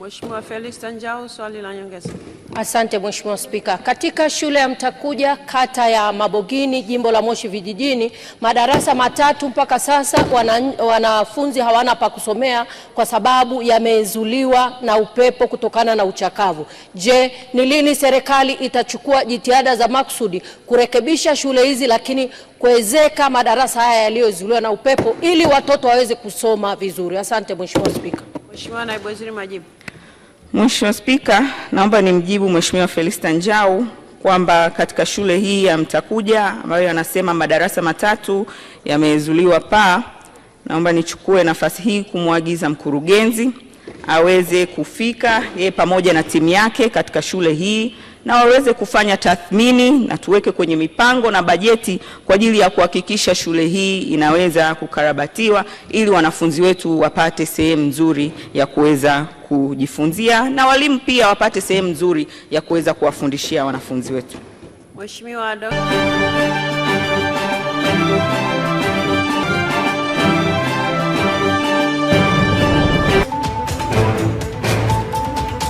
Mheshimiwa Felix Tanjau, swali la nyongeza. Asante Mheshimiwa Spika. Katika shule ya Mtakuja kata ya Mabogini jimbo la Moshi vijijini madarasa matatu mpaka sasa wanafunzi hawana pa kusomea kwa sababu yamezuliwa na upepo kutokana na uchakavu. Je, ni lini serikali itachukua jitihada za maksudi kurekebisha shule hizi lakini kuwezeka madarasa haya yaliyozuliwa na upepo ili watoto waweze kusoma vizuri? Asante Mheshimiwa Spika. Mheshimiwa Naibu Waziri, majibu. Mheshimiwa Spika, naomba nimjibu Mheshimiwa Felista Njau kwamba katika shule hii ya Mtakuja ambayo anasema madarasa matatu yamezuliwa paa, naomba nichukue nafasi hii kumwagiza mkurugenzi aweze kufika yeye pamoja na timu yake katika shule hii na waweze kufanya tathmini na tuweke kwenye mipango na bajeti kwa ajili ya kuhakikisha shule hii inaweza kukarabatiwa ili wanafunzi wetu wapate sehemu nzuri ya kuweza kujifunzia na walimu pia wapate sehemu nzuri ya kuweza kuwafundishia wanafunzi wetu. Mheshimiwa Dkt.